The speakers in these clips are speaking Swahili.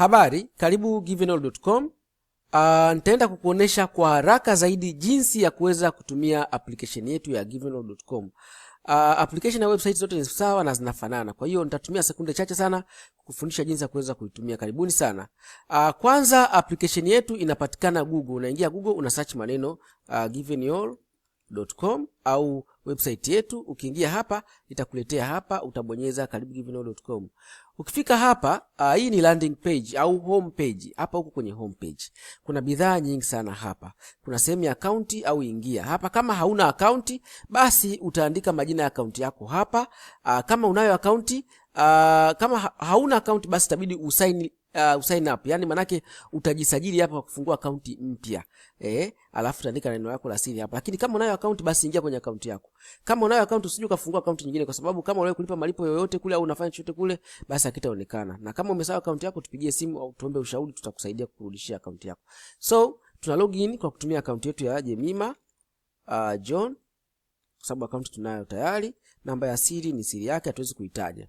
Habari, karibu Givenall.com. Uh, ah, nitaenda kukuonesha kwa haraka zaidi jinsi ya kuweza kutumia application yetu ya Givenall.com. Uh, ah, application na website zote ni sawa na zinafanana. Kwa hiyo nitatumia sekunde chache sana kukufundisha jinsi ya kuweza kuitumia. Karibuni sana. Uh, kwanza application yetu inapatikana Google. Unaingia Google una search maneno uh, Givenall Givingnow.com au website yetu. Ukiingia hapa itakuletea hapa, utabonyeza karibu Givingnow.com. Ukifika hapa uh, hii ni landing page au home page. Hapa huko kwenye home page kuna bidhaa nyingi sana hapa. Kuna sehemu ya akaunti au ingia hapa. Kama hauna akaunti, basi utaandika majina ya akaunti yako hapa. Uh, kama unayo akaunti uh, kama hauna akaunti basi itabidi usign uh, ah, usign up yani, manake utajisajili hapa kwa kufungua akaunti mpya eh, alafu utaandika neno lako la siri hapa. Lakini kama unayo akaunti basi ingia kwenye akaunti yako. Kama unayo akaunti usije ukafungua akaunti nyingine, kwa sababu kama unaweza kulipa malipo yoyote kule au unafanya chochote kule, basi hakitaonekana. Na kama umesahau akaunti yako, tupigie simu au tuombe ushauri, tutakusaidia kurudishia akaunti yako. So tuna login kwa kutumia akaunti yetu ya Jemima uh, John, kwa sababu akaunti tunayo tayari. Namba ya siri ni siri yake, hatuwezi kuitaja.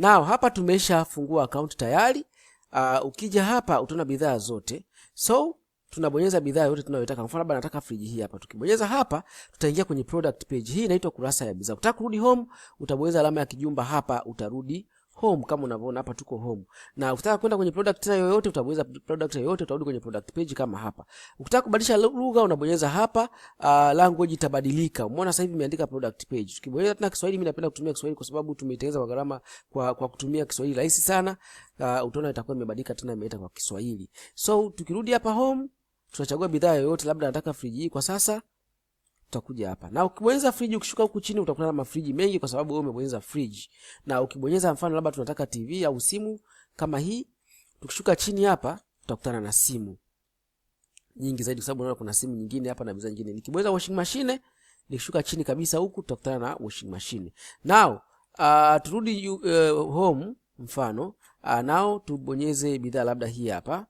Now hapa tumeshafungua account tayari. Uh, ukija hapa utaona bidhaa zote. So tunabonyeza bidhaa yote tunayotaka. Mfano labda nataka friji hii hapa. Tukibonyeza hapa tutaingia kwenye product page. Hii inaitwa kurasa ya bidhaa. Ukitaka kurudi home utabonyeza alama ya kijumba hapa utarudi home kama unavyoona hapa tuko home. Na ukitaka kwenda kwenye product yoyote utabonyeza product yoyote, utarudi kwenye product page kama hapa. Ukitaka kubadilisha lugha unabonyeza hapa, uh, language itabadilika. Umeona sasa hivi imeandika product page. Tukibonyeza tena Kiswahili, mimi napenda kutumia Kiswahili kwa sababu tumeitengeneza kwa gharama kwa, kwa kutumia Kiswahili rahisi sana. Uh, utaona itakuwa imebadilika tena imeita kwa Kiswahili. So tukirudi hapa home, tutachagua bidhaa yoyote, labda nataka friji kwa sasa utakuja hapa na ukibonyeza friji, ukishuka huku chini utakutana na mafriji mengi, kwa sababu wewe umebonyeza friji. Na ukibonyeza mfano labda tunataka TV au simu kama hii, tukishuka chini hapa tutakutana na simu nyingi zaidi, kwa sababu unaona kuna simu nyingine hapa na bidhaa nyingine. Nikibonyeza washing machine, nikishuka chini kabisa huku tutakutana na washing machine. Now uh, turudi uh, home mfano uh, now tubonyeze bidhaa labda hii hapa.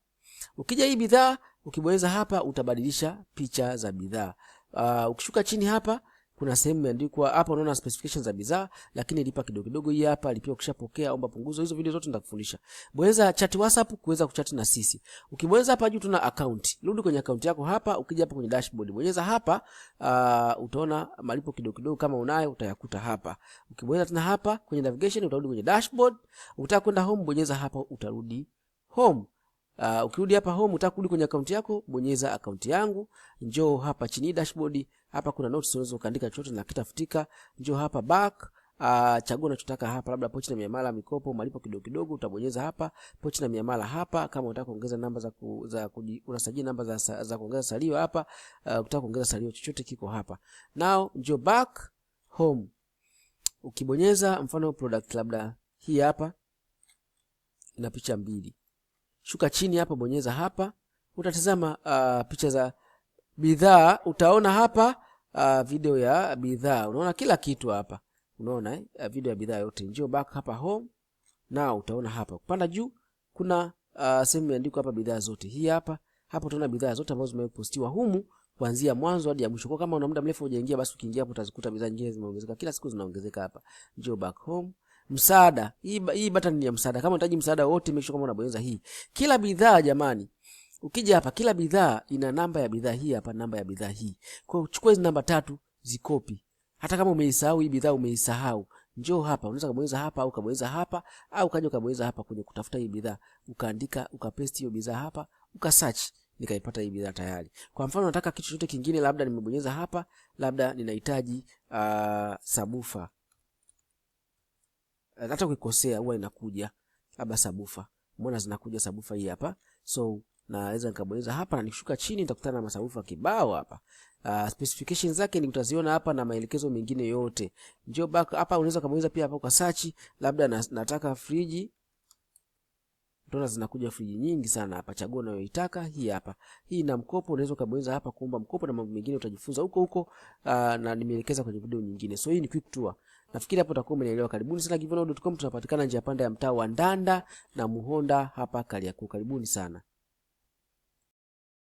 Ukija hii bidhaa, ukibonyeza hapa utabadilisha picha za bidhaa. Uh, ukishuka chini hapa kuna sehemu imeandikwa hapa, unaona specifications za bidhaa, lakini lipa kidogo kidogo. Hii hapa lipia, ukishapokea omba punguzo. Hizo video zote nitakufundisha. Bonyeza chat WhatsApp kuweza kuchat na sisi. Ukibonyeza hapa juu tuna account, rudi kwenye account yako hapa. Ukija hapa kwenye dashboard, bonyeza hapa uh, utaona malipo kidogo kidogo, kama unayo utayakuta hapa. Ukibonyeza tena hapa kwenye navigation, utarudi kwenye dashboard. Utakwenda home, bonyeza hapa, utarudi home. Uh, ukirudi hapa home, utaka kurudi kwenye akaunti yako, bonyeza akaunti yangu, njoo hapa chini dashboard, hapa kuna notes unaweza ukaandika chochote na kitafutika. Njoo hapa back, uh, chagua unachotaka hapa, labda pochi na miamala, mikopo, malipo kidogo kidogo, utabonyeza hapa pochi na miamala hapa. Kama unataka kuongeza namba za ku, za ku, unasajili namba za, za kuongeza salio hapa. Uh, ah, unataka kuongeza salio chochote kiko hapa. Now njoo back home, ukibonyeza mfano product labda hii hapa na picha mbili shuka chini hapa, bonyeza hapa, utatazama uh, picha za bidhaa. Utaona hapa uh, video ya bidhaa, unaona kila kitu hapa, unaona eh, video ya bidhaa yote. Njoo back hapa home, na utaona hapa kupanda juu kuna uh, sehemu imeandikwa hapa bidhaa zote. Hii hapa hapo utaona bidhaa zote ambazo zimepostiwa humu kuanzia mwanzo hadi mwisho. Kwa kama una muda mrefu hujaingia, basi ukiingia hapo utazikuta bidhaa nyingine zimeongezeka, kila siku zinaongezeka hapa. Njoo back home msaada. Hii hii button ni ya msaada. Kama unahitaji msaada wote, make sure kama unabonyeza hii. Kila bidhaa jamani, ukija hapa, kila bidhaa ina namba ya bidhaa hii hapa, namba ya bidhaa hii. Kwa hiyo chukua hizi namba tatu, zikopi. Hata kama umeisahau hii bidhaa, umeisahau njoo hapa, unaweza kubonyeza hapa au kubonyeza hapa au kaja ukabonyeza hapa kwenye kutafuta hii bidhaa, ukaandika ukapaste hiyo bidhaa hapa, ukasearch nikaipata hii bidhaa tayari. Kwa mfano nataka kitu chochote kingine, labda nimebonyeza hapa, labda ninahitaji uh, sabufa Eh, hata ukikosea huwa inakuja labda sabufa. mbona zinakuja sabufa hii hapa. So naweza nikabonyeza hapa na nikishuka chini nitakutana na masabufa kibao hapa. Uh, ah, specification zake ni utaziona hapa na maelekezo mengine yote. Njoo back hapa, unaweza kabonyeza pia hapa kwa search, labda na, nataka friji. Utaona zinakuja friji nyingi sana hapa, chagua unayoitaka hii hapa. Hii na mkopo, unaweza kabonyeza hapa kuomba mkopo na mambo mengine utajifunza huko huko, uh, na nimeelekeza kwenye video nyingine. So hii ni quick tour. Nafikiri hapo utakuwa umeelewa. Karibuni sana Givonao.com, tunapatikana njia panda ya mtaa wa Ndanda na Muhonda hapa Kariakoo. Karibuni sana.